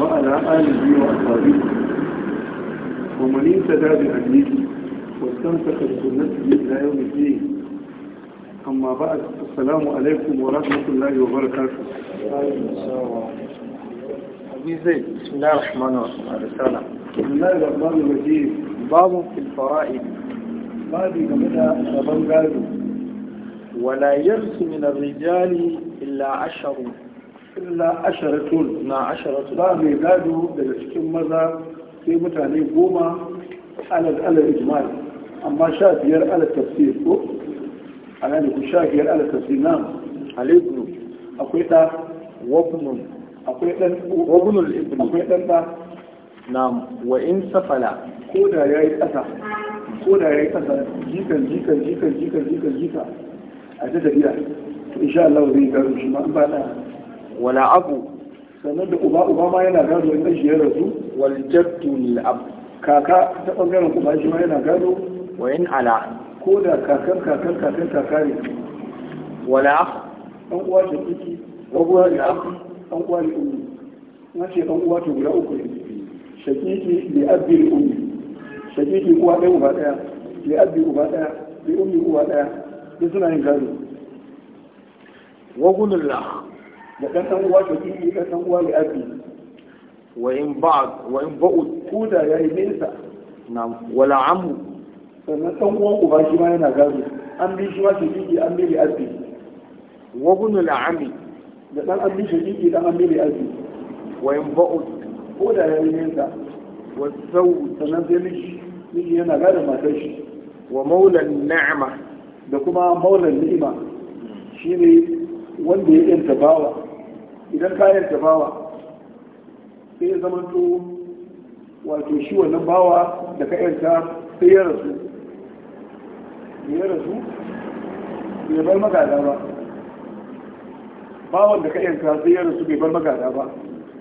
وعلى آله وأصحابه ومن انتدى بهديه واستمسك بسنته إلى يوم الدين أما بعد السلام عليكم ورحمة الله وبركاته بسم الله الرحمن الرحيم بسم الله الرحمن الرحيم باب في الفرائض باب كمدى شبان ولا يرث من الرجال إلا عشر illa asharatun na asharatun ba mai gado daga cikin maza sai mutane goma alal alal ijmal amma sha biyar alal tafsir ko a da ku sha biyar alal tafsir na alaikun akwai ɗa wabnun akwai ɗan wabnun ibn akwai ɗan ɗa na wa in safala ko da yi ƙasa ko da yayi ƙasa jikan jikan jikan jikan jikan jika a ta tafiya insha Allah zai gano shi ma in ba ɗaya wala abu sannan da uba uba ma yana gado in ɗan ya rasu wal jaddu lil ab kaka ta bangaren uba shi ma yana gado wa in ala ko da kakan kakan kakan kaka ne wala an uwa ta ciki an uwa ya an uwa ne ummi na ce an uwa ta guda uku ne shakiki li abbi ummi shakiki uwa ɗaya uba ɗaya li abbi uba ɗaya li ummi uwa ɗaya duk suna yin gado wa gunullah da ɗan ɗan uwa to kiki ɗan ɗan uwa ya abi wa in ba'd wa in ba'd kuda ya yi nesa na wala amu sannan ɗan uwan uba shi ma yana gado an bi shi ma to kiki an bi li abi wa bunu la'ami da ɗan an bi shi kiki ɗan an bi li abi wa in ba'd kuda ya yi nesa Wasu sau sannan sai miji miji yana gado matar shi wa maulan na'ama da kuma maulan ni'ima ne. wanda ya yanta bawa idan ka yanta bawa sai ya zama to wato shi wannan bawa da ka yanta sai ya rasu ya rasu bai bar magada ba bawan da ka yanta sai ya rasu bai bar magada ba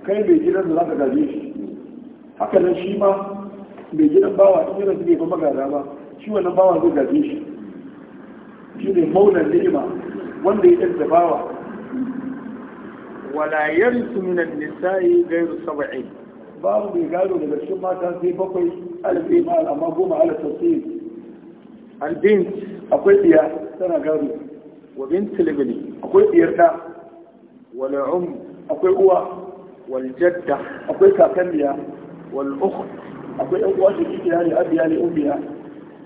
kai bai gidan da za ka gaje shi haka nan shi ma bai gidan bawa in ya rasu bai bar magada ba shi wannan bawa zai gaje shi shi ne maunar ni'ima wanda ya ɗan bawa wala yarisu minan nisa'i gairu saba'in babu bai gado daga cikin mata sai bakwai alfi mal amma goma ala tafsir albin akwai diya tana gado wa bint libni akwai diyar da wala um akwai uwa wal jadda akwai kakanniya wal ukht akwai yan uwa da kike yare abiya ne ummiya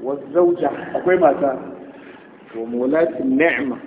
wal zauja akwai mata wa mulatin ni'ma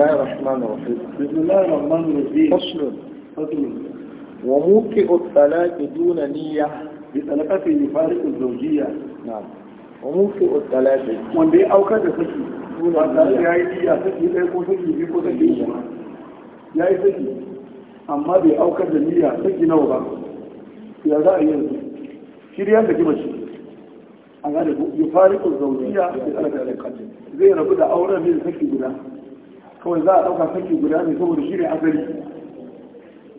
الله الرحمن الرحيم بسم الله الرحمن الرحيم فصل فصل وموكئ الطلاق دون نية بطلقة يفارق الزوجية نعم وموكئ الطلاق من بي أوكا تسكي وان دي يا إيدي سكي لا يكون سكي بيكو سكي يا إيدي أما دي أوكا تنية سكي نوبا في ذا أيضا شريان تكي an gane yufariku zaujiya da alaka da kace zai rabu da auren ne kawai za a ɗauka saki guda ne saboda shi ne asali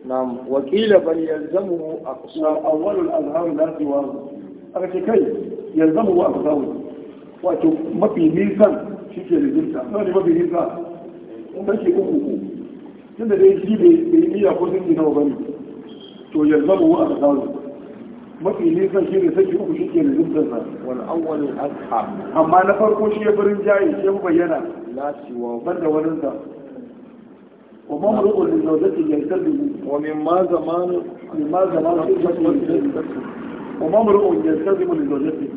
na'am wakila bal yalzamu aqsar awwalul azhar la tiwazu aka ce kai yalzamu wa aqsar wato mafi nisan shike da jinta nawa ne mafi nisan saki uku ko. tunda dai shi bai niyya ko sun ji nawa bane to yalzamu wa aqsar mafi nisan shi ne saki uku shike da jinta wal awwalul azhar amma na farko shi ya farin jaye shi ya bayyana la siwa banda wani da wa ma mulkul li zawjati yaltabi wa ma min mimma zamanu mimma zamanu wa ma mulkul yaltabi li zawjati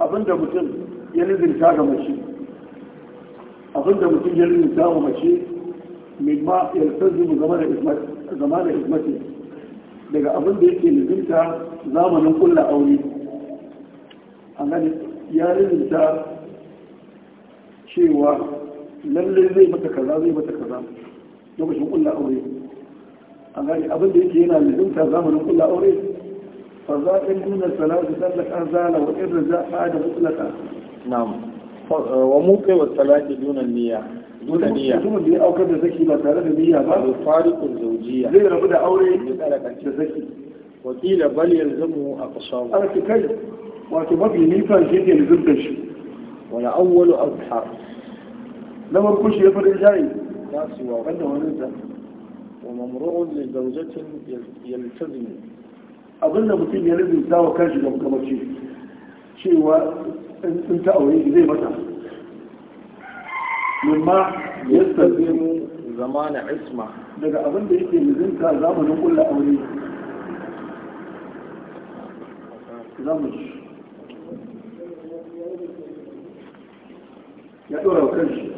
abinda mutum ya lizinta ga mace abinda mutum ya lizinta ga mace mimma yaltabi zamana ismati zamana ismati daga abin abinda yake lizinta zamanin kulla aure an gani ya lizinta cewa lalle zai mata kaza zai mata kaza lokacin kulla aure an gani abin da yake yana lizimta zamanin kulla aure fa za in duna salatu sallaka zala wa in raja da mutlaka na'am eh, wa kai wa salati duna niyya duna niyya mutumin da ya aukar da zaki ba tare da niyya ba fariqul zawjiyya zai rabu da aure da zaki wakila bal yalzamu aqsamu aka kai wato mafi nisan shi ke lizimta shi wala awwalu azhar لما كل شيء يفرق جاي لا سوى أنه نزع وممرؤ لزوجة يلتزم أظن مطيم يلزم ساوى كاجل وكما شيء شيء هو انت أوليك زي متى مما يستزم زمان عسمة لقد أظن بيكي مزين كازابه نقول لأوليك زمش يا دورة وكاجل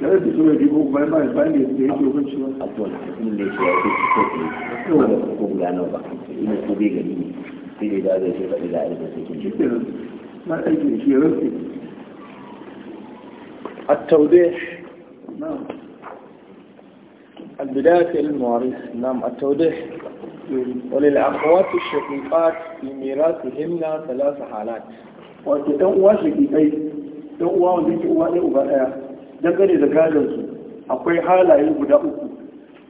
لا تقول لي بوك ما يبغى يبغى لي يجي يشوف شو أقول من اللي شو أقول شو أقول شو أقول أنا بقى إنه شو بيجي لي في اللي داري شو في اللي داري بس ما أي شيء شيء التوضيح نعم البداية المعرفة نعم التوضيح وللأخوات الشقيقات في ميراثهن ثلاث حالات وتتوا شقيقين تقوى وزي تقوى إيه dangane da gadonsu akwai halaye guda uku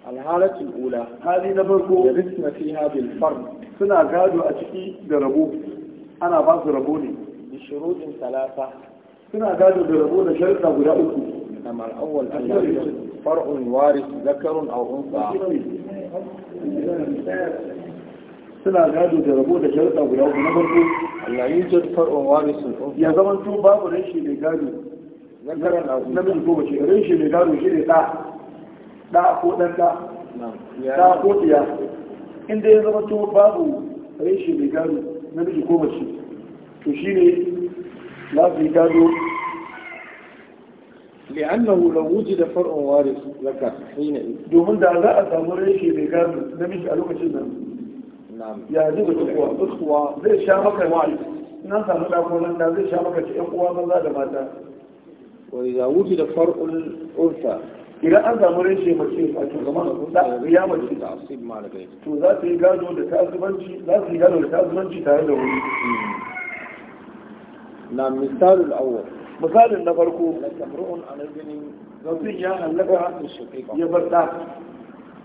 alhalatul ula hali na farko da risna fiha bil fard suna gado a ciki da rabo ana ba su rabo ne bi shurutin talata suna gado da rabo da sharuɗa guda uku kamar awwal Allah far'un waris zakarun aw unsa suna gado da rabo da sharuɗa guda uku na farko Allah yujad far'un waris ya zaman to babu rashi da gado namiji ko mace rin shi ne gado shi ne ɗa ɗa ko ɗan ɗa ɗa ko ɗiya inda ya zama to babu rin shi ne gado namiji ko mace to shi ne za su yi لأنه لو وجد فرع وارث لك حين دومن ده لا أتمر شيء بجد ده مش قالوا نعم يا دي الأخوة أخوة زي شامك وارث ناس هنقول أخوة لنا زي شامك أخوة من هذا ماذا وإذا وجد فرع الأنثى إلى أن أمر شيء لا أشوف زمان الأنثى لا مشين تعصب مالك لا شو ذات رجال لا تعصب منشي ذات لا ولا تعصب منشي لا نعم مثال الأول لا النفرقو لتمرء عن لا نبي يا النفع لا ذات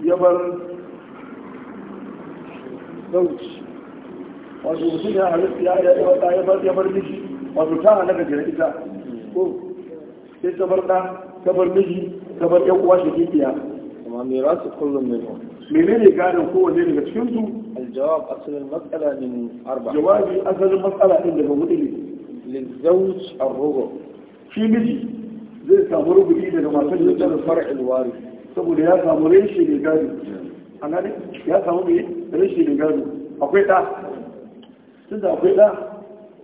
يبر زوج لا هل في لا وطايبات يبر ليش لا هل في لا وطايبات يبر ليش sai ka bar ɗa ka bar miji ka bar ƴan uwa shi kifiya amma me ra su kullum ne menene gadon kowanne daga cikin su aljawab asalin matsala min arba jawabi asalin matsala din daga hudu ne lizawj arrugo shi miji zai samu rubuci daga matan da ta far'il wari saboda ya samu reshe ne gado an gane ya samu me reshe ne gado akwai ɗa tunda akwai ɗa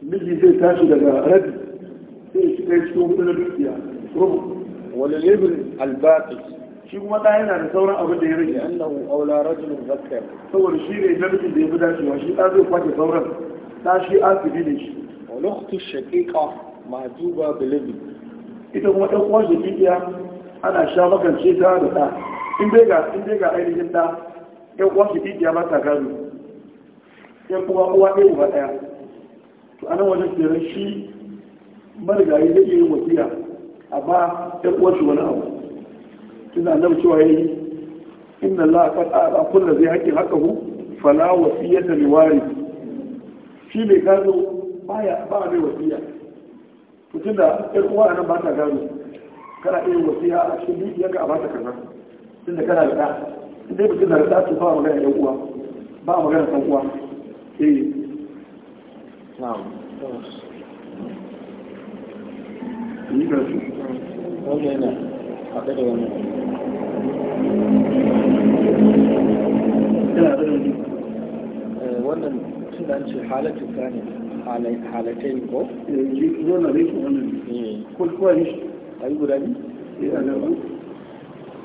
miji zai tashi daga rabi sai shi kai cikin hudu na dukiya rubu wani libin albatis shi kuma ɗaya yana da sauran abin da ya rage annahu aula rajulun zakkar saboda shi ne namijin da ya fi dacewa shi ɗan zai kwace sauran ta shi asibi ne shi wani hutu shaƙiƙa majuba bilibi ita kuma ɗan uwa shaƙiƙiya ana sha makance ta da ɗa in dai ga in dai ga ainihin ɗa ɗan uwa shaƙiƙiya ba ta gado ɗan uwa uwa ɗaya uba ɗaya to anan wajen kenan shi marigayi zai yi wasiya ba ya kuwa shi wani abu tunda nan cewa yayi yi. allaha qad a kullu zai haka hu fala wasiya ta liwari shi mai gano baya ba mai wasiya to da ɗan uwa nan ba ta gano kana iya wasiya a cikin dukiyar ka a ba ta kaza tunda kana da ɗa in dai mutum da ɗa to ba magana ɗan uwa ba magana ɗan uwa eh na'am yi ga su wajen na haɗe da wani wannan tun da ce halatu gane halatai ko? yanzu zuwa zai su wannan ko kuwa ne a yi guda ne?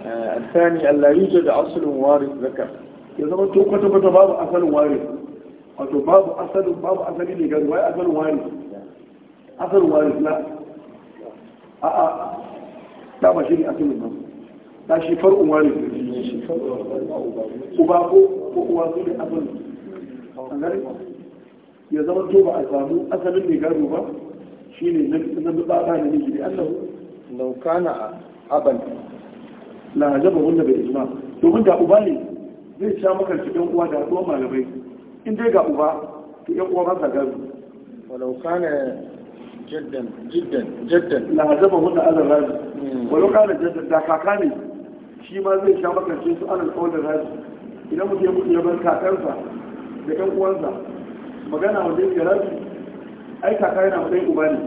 الثاني ألا يوجد أصل وارث ذكر إذا ما توقع تبقى باب أصل وارث أو باب أصل باب أصل لغير وأصل وارث أصل وارث لا a'a da ba shi ne asalin nan da shi far'un ne. uba ko ko uwa su ne asalin an ya zama to ba a samu asalin ne gado ba shi ne na ba ba ne ne allahu lau na aban la ajaba wanda bai ijma domin da uba ne zai sha maka cikin uwa da uwa malamai in dai ga uba to yan uwa ba sa gado walau kana Jaddan. Jaddan. jiddan la hazaba hunna ala da kaka ne shi zai sha makance su ala kawai da idan mutum mutu ya bar kakansa da ƴan uwansa magana wanda yake ai kaka yana uba ne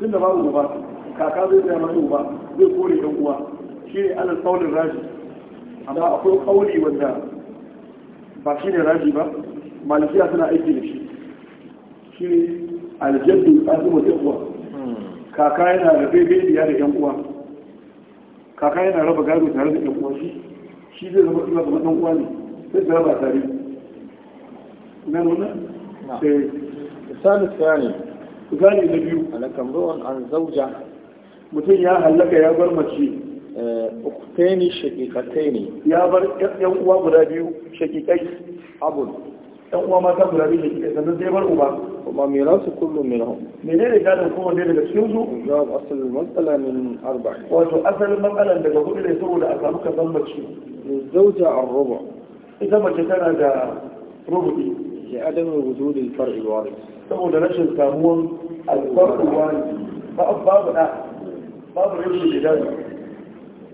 hmm. babu uba kaka zai tsaya masa uba zai kore ƴan uwa shi ne da akwai wanda ba shi ne ba malikiya suna aiki da shi aljaddu kasimu da uwa kaka yana da bebediya da yan uwa kaka yana raba gado tare da yan uwa shi shi zai zama kuma kamar dan uwa ne sai da raba tare na nuna eh. sai misali tsani misali na biyu alakan ruwan an zauja mutum ya hallaka ya bar mace eh, ukutaini shakikatai ne ya bar yan uwa guda biyu shakikai abun dan uwa mata guda biyu da kike sannan sai bar uba kuma mirasu kullum minhum menene gadon kowanne daga cikin su jawab asalin matsala min arba wato asalin matsalan daga hudu ne saboda a samu kasan mace zauja arruba ita mace tana da rubuɗi ya adam wujud al-far'i wari saboda rashin samuwan al-far'i wari ba babu da babu rashin da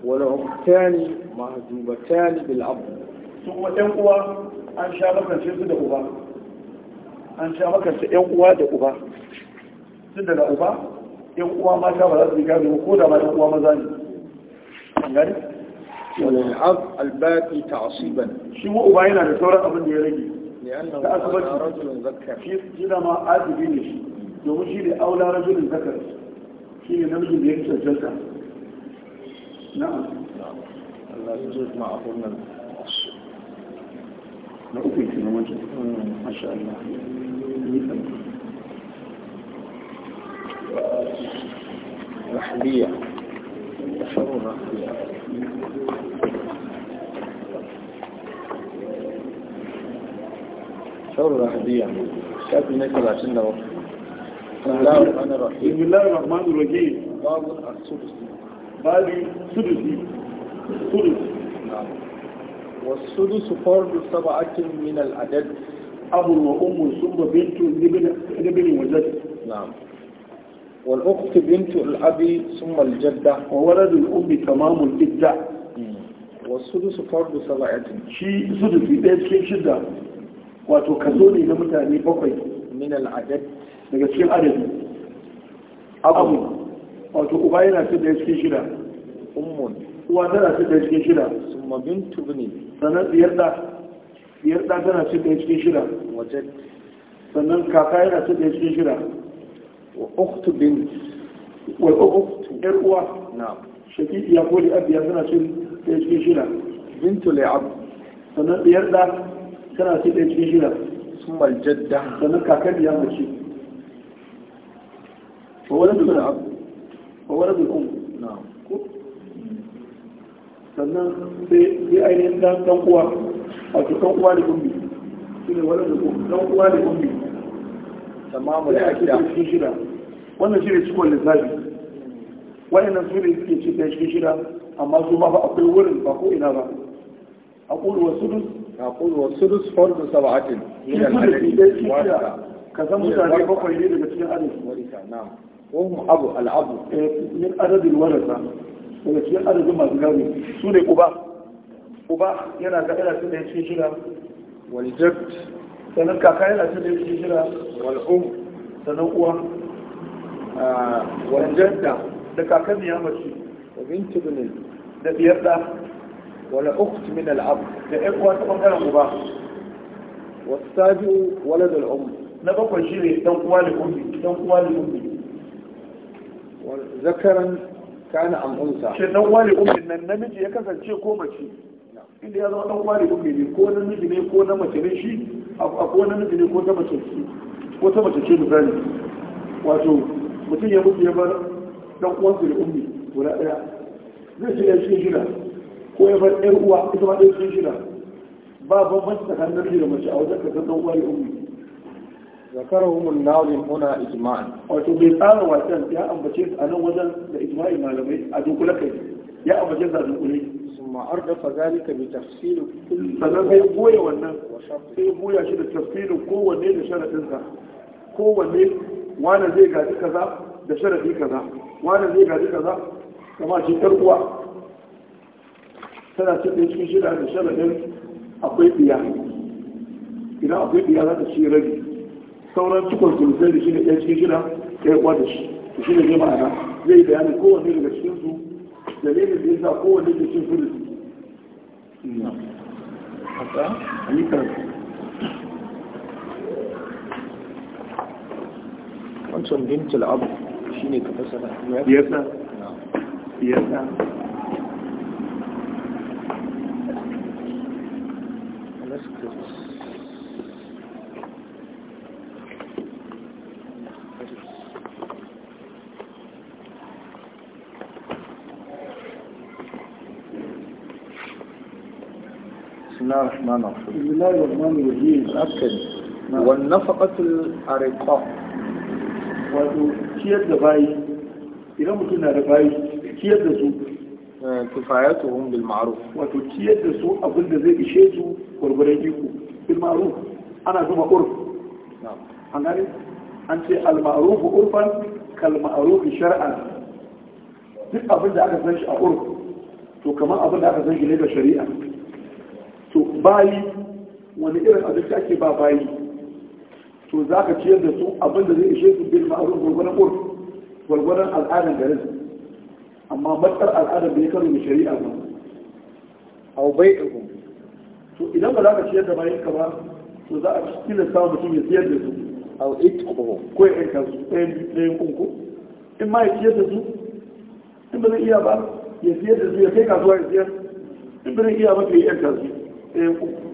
wala uktani mahdubatan bil abd kuma dan uwa an sha makance su da uba an sha makance yan uwa da uba tun daga uba yan uwa mata ba za su yi gado ko da ma yan uwa maza ne an gani والعب الباقي تعصيبا شو مو باين على ثورة أبن يرجي لأنه رجل ذكر كيف جدا ما عاد بينش لو شيء أولى رجل ذكر شيء نمشي بينش الجلسة نعم نعم الله يجوز معه من na uku yake na wancan masha Allah رحلية شر رحلية شر عشان لو بسم الله الرحمن الرحيم بسم الله الرحمن الرحيم باب السدس باب السدس سدس نعم wasu su fardu saba ake min al'adad abun wa sun ba bintu ribinin wajen na wal'ukti bintu al'abi sun maljadda wa wadda da umu tamamun idda wasu su fardu saba ake shi su da ɗaya cikin shida wato ka zo na mutane bakwai min al'adad daga cikin adadi abu wato uba yana fi ɗaya cikin shida ummun uwa tana cin ɗaya cikin shida summa bintu ne sannan diyar da diyar da tana cin ɗaya cikin shida wajad sannan kaka yana cin ɗaya cikin shida wa ukhtu bint wa ukhtu yar uwa na'am shakiya ko da abiya tana cin ɗaya cikin shida bintu li'ab sannan diyar da tana cin ɗaya cikin shida summa aljadda sannan kakar ya mace wa waladu al-ab wa waladu al-um na'am sannan sai ainihin dan dan uwa wato dan uwa da gumbi shine wannan da dan uwa da gumbi tamamu da akida shi shida wannan shine cikon lissafi wannan su ne suke cikin shi shida amma su ma ba akwai wurin ba ko ina ba aqul wa sudus aqul wa sudus fardu sab'atin min al-adad wa ka san mutane bakwai ne daga cikin adadin warisa na'am wa abu al-abu eh, min adad al daga cikin adadin masu gado su ne uba uba yana ga yana cikin cikin shira Wani jadd sannan kaka yana cikin cikin shira Wani um sannan uwa ah, wal jadda da kakan ya mace wa bint ibn da biyar da wal ukht min al ab da ikwa ta bangaren uba wasabi walad da um na bakwai shine dan uwa da ummi dan uwa da ummi wal zakaran kana an unsa shi dan wali ummi nan namiji ya kasance ko mace inda ya zama dan wali ummi ne ko namiji ne ko na mace ne shi ko namiji ne ko ta mace ce ko ta mace ce misali wato mutum ya mutu ya bar dan uwansa da ummi guda daya zai ce ya shi jira ko ya bar ɗan uwa ita ma ɗaya shi jira ba bambanci tsakanin namiji da mace a wajen ka dan wali ummi zakarahum an-nazim huna ijma'an wato bai tsara wasan ya ambace su wajen da ijma'i malamai a dunkule kai ya ambace su a dunkule summa ardafa zalika bi tafsil kulli sanan sai wannan sai goya shi da tafsilin kowanne da sharadin kowanne wani zai gaji kaza da sharadi kaza zai gaji kaza kama ce tarkuwa tana cikin cikin shida da sharadin akwai idan akwai biya za ta ci sauran cikon sulusai da shi ne ɗaya cikin shida ya yi da shi da shi ne zai ma'ana zai bayanin kowane daga cikin su da ne da ya sa kowanne da cikin sulusi haka a yi karfi wancan bintul abu shi ne ka fasara yasa yasa بسم الله الرحمن الرحيم أكد والنفقة الأرقاء wato ciyar da bayi idan mutum na da bayi ciyar da su eh, kifayatuhum bil ma'ruf wato ciyar da su abin da zai ishe su gurgurai iko ana ce duk abin da aka san shi a urf to kamar abin da aka san shi ne da shari'a to bayi wani irin abinci ake ba bayi to za ka ciyar da su abin da zai ishe su bil ma'ruf gwargwadon urf gwargwadon al'adar garin amma matsar al'adar da ya karo da shari'a ba a au bai'uhum to idan ba za ka ciyar da bayan ka ba to za a tilasta mutum ya ciyar da su au itquhum ko ya yanka su ɗayan ɗayan kunku in ma ya ciyar da su in ba zai iya ba ya ciyar da su ya kai kasuwa ya ciyar in ba zai iya ba ya yanka su ɗayan kunku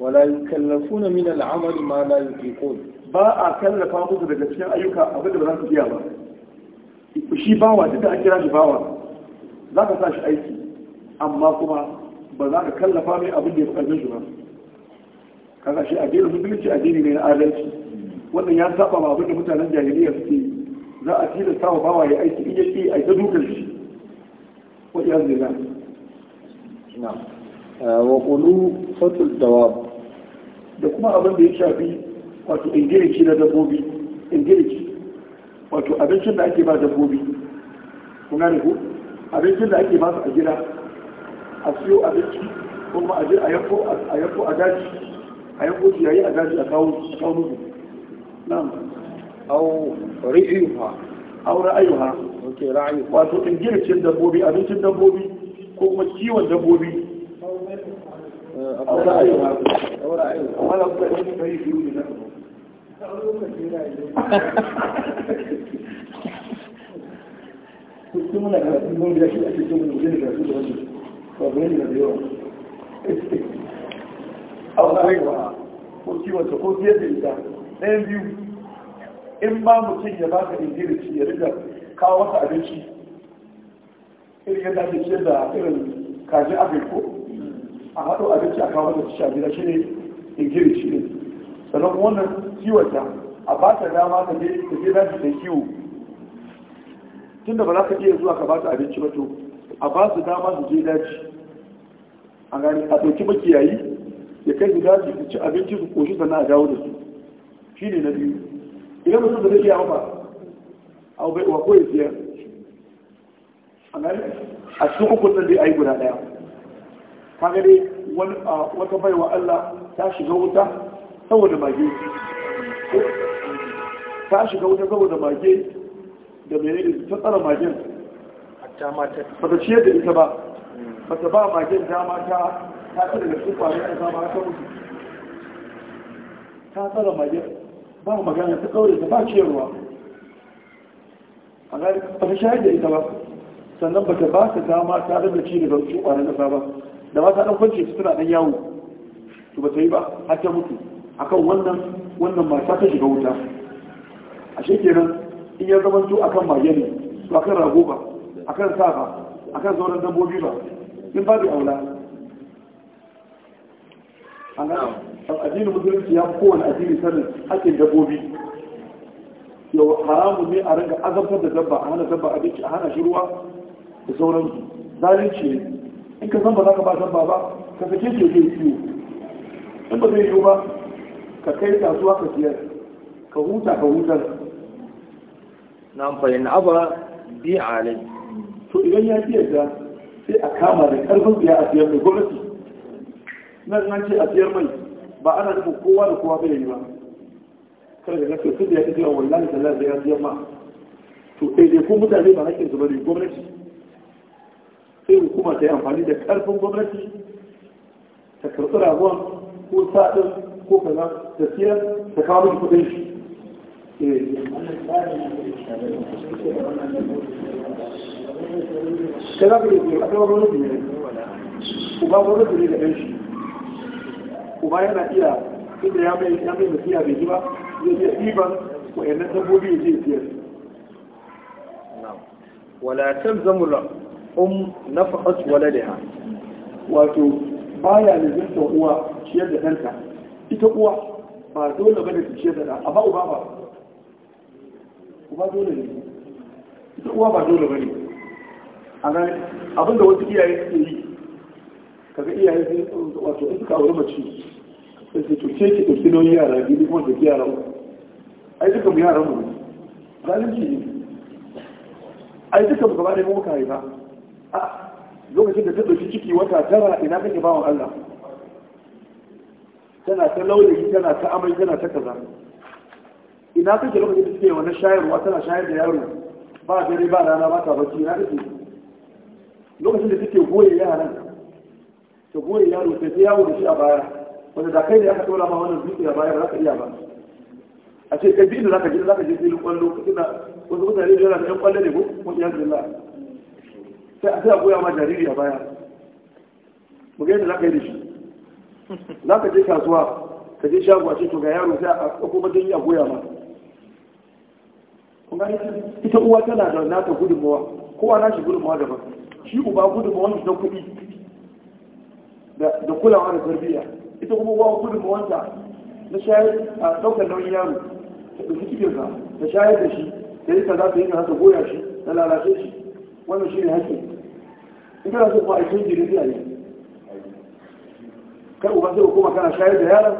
ولا يكلفون من العمل ما لا يطيقون با أكلفا musu daga cikin ayyuka abin da ba za su iya ba shi bawa duk an kira shi bawa za ka sa aiki amma kuma ba za ka kallafa mai abin da ya fi shi ba kaga shi addinin musulunci addini ne na adalci wannan ya saba ma abin da mutanen jahiliya suke za a tilasta wa bawa ya aiki in ya ce a ta dukar shi wa iyaz billah na'am wa qulu fatul dawab da kuma abin da ya shafi wato ingirici na dabbobi ingirici wato abincin da ake ba dabbobi kuna da ku abincin da ake ba su a gida a siyo abinci kuma a a yanko a yanko a daji a yanko yayi a daji a kawo a kawo musu na'am au ra'ayuha au ra'ayuha wato ingiricin dabbobi abincin dabbobi ko kuma kiwon dabbobi kusa mutum da wani biyu in ba mutum ya baka ingilishi ya riga kawo wata abinci irin yadda ake ciyar da irin kajin afirko a haɗo abinci a kawo da tushe a gida shi ne ingiri shi ne sannan wannan kiwata a ba ta dama ta je ta je daji ta kiwo tunda ba za ka iya zuwa ka ba ta abinci ba to a ba su dama su je daji a gani a ɗauki makiyayi ya kai su daji su ci abinci su koshi sannan a dawo da su shi ne na biyu idan mutum da zai yi ba a bai wa koyi siyar a gani a cikin hukunan da ya a yi guda ɗaya kaga dai wani wata baiwa Allah ta shiga wuta saboda mage ta shiga wuta saboda mage da menene ta tsara magen ba ta ciye da ita ba ba ta ba magen dama ta ta tsara da su kwanin da zama ta mutu ta tsara magen ba magana ta kawai ta ba ciyarwa a gani ba ta shayar da ita ba sannan ba ta ba ta dama ta rabe ci daga su kwanin da ba da ta dan kwance su tana dan yawo to ba ta yi ba har ta mutu akan wannan wannan mata ta shiga wuta ashe kenan in ya zama to akan mage ne to akan rago ba akan sa ba akan sauran dabbobi ba in ba da aula an addinin musulunci ya fi kowane addini sanin haƙƙin dabbobi yau haramun ne a ringa azabtar da dabba a hana dabba abinci a hana shi ruwa da sauransu zalunci ne in ka san ba za ka ba dabba ba ka sake ke ke ciwo in ba zai yi ba ka kai kasuwa ka siyar ka huta ka hutar na amfani na aba biya alai to idan ya fiye da sai a kama da karfin biya a siyar mai gwamnati Na zan ce a siyar mai ba ana da kowa da kowa bai yi ba kada da nake su da ya fi yawan wallahi da lafiya siyar ma to ko mutane ba haƙƙinsu ba ne gwamnati sai hukuma ta yi amfani da karfin gwamnati ta karɓi ragon ko sa'adin ko kaza da siyar ta kawo mai kudin shi ta za ka yi biyu a kawar wani biyu uba wani biyu da ɗan shi uba yana iya inda ya mai ya mai masiya bai ji ba zai iya ɗiban wa'annan dabbobi ya je siyar ولا تلزم um nafaqat waladaha wato baya lazimta uwa ciyar da danta. ita uwa ba dole bane ta ciyar da ɗa amma uba ba uba dole ne ita uwa ba dole bane a nan abinda wasu iyaye suke yi kaga iyaye sun wato in suka aure mace sai su tuce ki da nauyin yara biyu kuma da yara uku ai duka mu yaran mu zalunci ne ai duka mu gaba da mu muka haifa lokacin da ta ɗauki ciki wata tara ina kake bawan Allah tana ta laulayi tana ta amai tana ta kaza ina kake lokacin da suke wannan shayarwa tana shayar da yaro ba dare ba rana ba ta bacci ina kake lokacin da suke goye yaran ta goye yaro ta ta yawo da shi a baya wanda da kai da aka tura ma wannan dutse a baya ba za ka iya ba a ce kai bi inda za ka je za ka je filin kwallo wasu mutane da yana da yan kwallo ne ko ya iya zilla sai a sai goya ma jariri a baya mu ga za ka yi da shi za ka je kasuwa ka je shago a ce to ga yaro sai a ɗauko mutum a goya ma kuma ita uwa tana da nata gudunmawa kowa na shi gudunmawa daban shi uba gudunmawa shi na kuɗi da kulawa da tarbiyya ita kuma uwa gudunmawanta na shayar a ɗaukar nauyin yaro da ɗauki cikinsa da shayar da shi da yi kaza ta yi kaza ta goya shi ta lalace shi wannan shi ne haƙƙi in kana so ko a cikin jirgin a yi kar uba sai koma kana shayar da yaron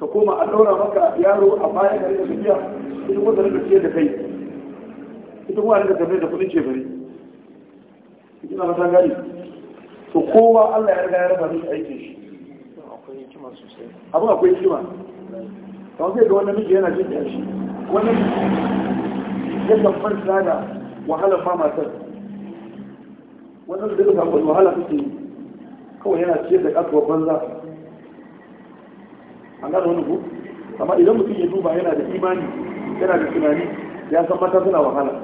ka koma a ɗaura maka yaro a baya ka rika tafiya ita kuma ta rika ciyar da kai ita kuma rika tafiya da kuɗin cefari ita na matan gari to kowa Allah ya riga ya raba mishi aikin shi abin akwai kima ta wasu yadda wannan miji yana jin yashi wannan ya kamfanta da wahalar fama matar wannan da duka wani wahala suke yi kawai yana ce da kasuwar banza an gada wani ku amma idan mutum ya duba yana da imani yana da tunani ya san mata suna wahala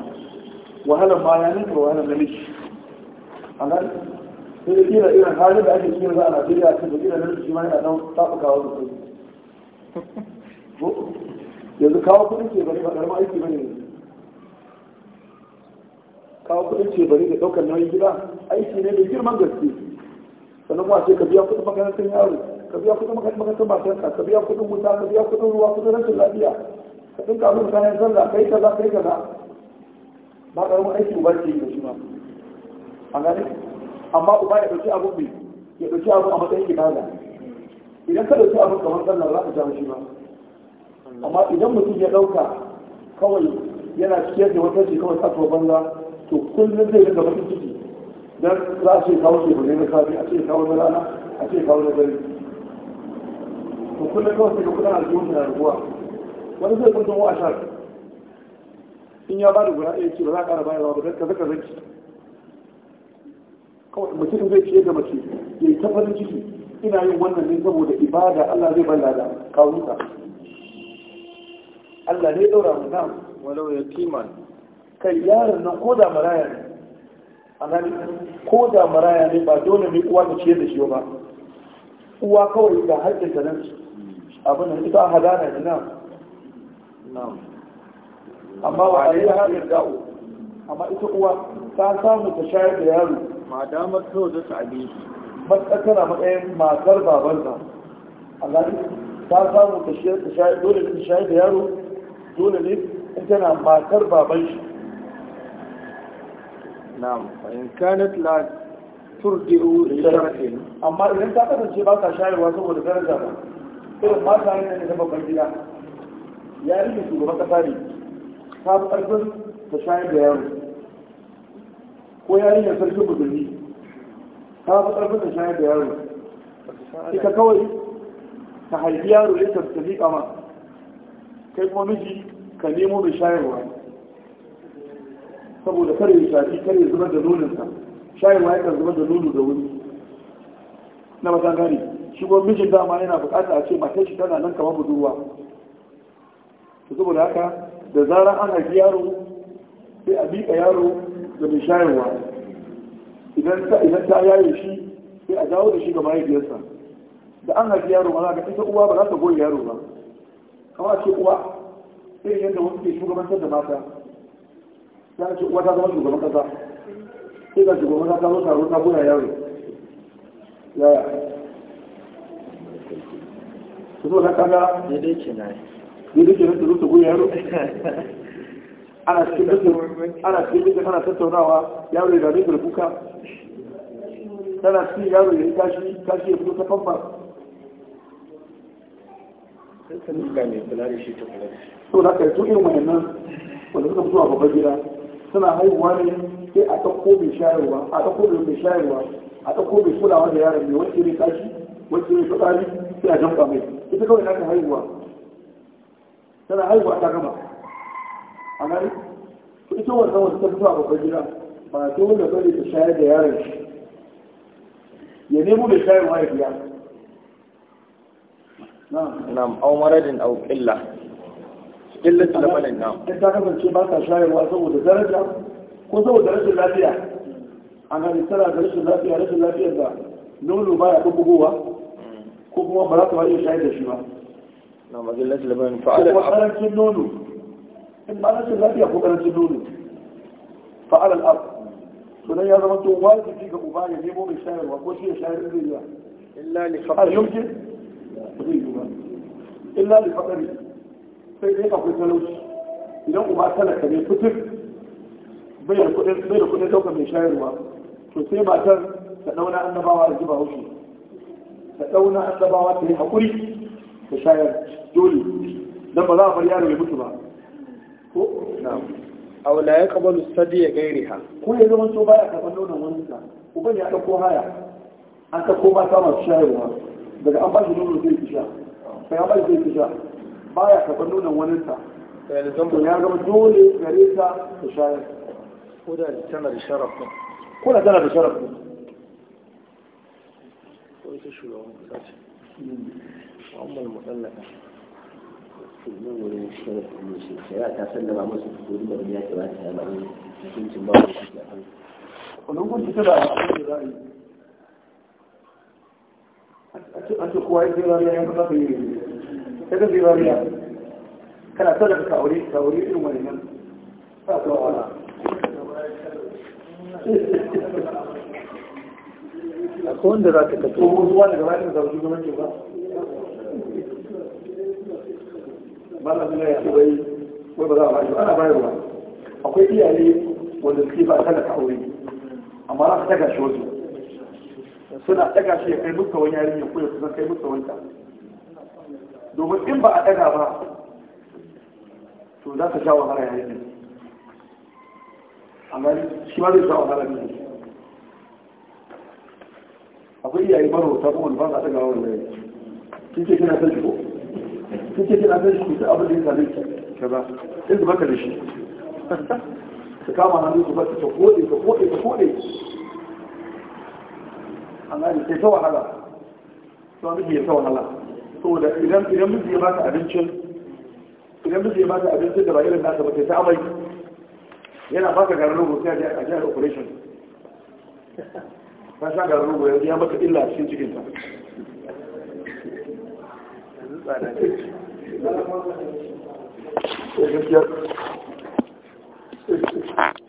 wahalan ma ya ninka wahalan na miji an gada sai da kira irin halin da ake cikin za a najeriya kan da kira na shi ma yana dan tafukawa da kai yanzu kawo kuɗi ke bari ba ƙarama aiki bane kawo kudin ce bari da daukar nauyi gida aiki ne da girman gaske sannan kuma ce ka biya kudin makarantar yaro ka biya kudin makarantar matarka ka biya kudin wuta ka biya kudin ruwa kudin rashin lafiya ka dinka abin kayan sallah kai za kai ka za ba ƙaramin aiki uba ce da shi ma a gani amma uba ya ɗauki abin bi ya ɗauki abun a matsayin ibada idan ka ɗauki abin kamar sallah za ka ja shi ba amma idan mutum ya ɗauka kawai yana ciyar da wata ce kawai kasuwa banza to kullum zai daga bakin ciki don za a ce kawo shekaru na safi a ce kawo na rana a ce kawo na dare to kullum kawai sai ga kudin aljihun na raguwa wani zai kuma tomo a shar in ya ba da guda ɗaya ce ba za a ƙara bayarwa ba don ka zaka zanki kawai mutum zai ciye da mace ya yi ta farin ciki ina yin wannan ne saboda ibada Allah zai ban balla da kawunka Allah ne ya ɗaura mu na walau ya kimanin تيار نقودا مرايا أنا كودا مرايا بدون مقوى تشيد الشيوبا وقوى إذا حد الزنس أبنى إذا أهدانا هنا نعم أما وعليها يرجعوا أما إذا قوى فأنت متشاهد لهذا ما دامت سودة عبيد ما تأكنا مقيم ما تربى بلدا أنا فأنت متشاهد دون المشاهد لهذا دون ليك أنت ما تربى بلدا na'am fa in amma ta kasance ba ka shayarwa saboda na ya shugaban ne ta ta shayar da yaro ko ya rike sarkin ta fi ta shayar da yaro haifi yaro tafi kama kai kuma miji ka nemo mai shayarwa saboda kare ya shafi kare ya da nuninsa, shayarwa yakan zuma da nunu da wuri na matan gane shi kuma mijin dama yana bukata a ce matan shi tana nan kamar budurwa to saboda haka da zarar an haifi yaro sai a bika yaro da mai shayarwa idan ta yaye shi sai a dawo da shi ga mahaifiyarsa da an haifi yaro ma za ka ita uwa ba za ta goyi yaro ba kamar ce uwa sai yadda wasu ke shugabantar da mata za a ce uwa zama shugaban kasa sai shugaban kasa zo yaro yaya ana tattaunawa yaro ya dame kuka tana cikin yaro ya yi ya fito ta famfa sai ka nuka mai kula da shi ta kula da shi da ka yi wanda suka fito a babban gida suna haihuwa ne sai a ɗauko mai shayarwa a ɗauko mai shayarwa a ta kobe kulawa da yaron ne wacce ne tashi wacce ne fitsari sai a jamfa mai ita kawai na ta haihuwa tana haihuwa ta gama a gani ita wannan wata ta fito a babban gida ba dole bane ta shayar da yaron shi ya nemo mai shayarwa ya biya na'am au maradin au qilla illatu labanin na in ta kasance ba ta shayarwa saboda daraja ko saboda rashin lafiya a hali tana da rashin lafiya rashin lafiyar da nono ba ya bugowa ko kuma ba za ta iya shayar da shi ba na magillatu labanin fa'ala ko karancin nono in ba rashin lafiya ko karancin nono fa'ala al'ab to dan ya zama to wajibi ga uba ya nemo mai shayarwa ko shi ya shayar da ba illa li faqri yumkin illa li faqri sai dai akwai talauci idan uba talaka ne fitir bai da kudin daukar mai shayarwa to sai matar ta dauna annabawa da jiba hushi ta dauna annabawa ta yi haƙuri ta shayar dole don ba za a bar yaro ya mutu ba ko na aw la yaqbalu sadiya ghayriha ko ya zama so baya karban nonon wani uban ya dauko haya an ta koma ta masu shayarwa daga an ba shi nono zai fi sha sai an ba shi zai fi sha baya karɓar nunan waninta to ya zama dole gare ta ta shayar ko da tana da sharaf ne ko da tana da sharaf ne ko ita shugaban kasa ce amma mutallaka nan wurin sharaf ne shi shari'a ta sallama musu kudi da wani ya ce ba ta yi ma'ana hukuncin ba ku shi a kan wani hukunci tana a kan da ra'ayi a ce kowa ya ce ranar yanka za ka yi تقول لي باريا أنا أتلقى أنا كأوليك أنا مليمان أنا على أنا دراك أنا وزوان أنا مزوجي أنا جبا أنا بلا أنا سبعي أنا رأيه أنا أنا أنا أنا أنا أنا أنا أنا أنا أنا أنا أنا أقول أنا لي أنا أتلقى أنا أما أنا تقع شوزي سنة تقع شيء كيبوك وينياري يقول يسنة كيبوك وينياري domin in ba a ɗaga ba to za ka sha wahala yayin ne amma shi ma zai sha wahala ne akwai baro ta kuma ba za a ɗaga wani yayi kin ce kina san shi ko kin ce kina san shi ko ta abin da ya same ki ba in ka da shi ta kama hannu su bata ta kode ta kode ta kode an gani sai ta wahala to an ya ta wahala saboda idan idan miji ya baka abincin idan miji ya baka abincin da bayan nasa ba sai ta amai yana baka garin rogo sai a jihar operation ta sha garin rogo ya maka illa cikin cikin ta Thank you.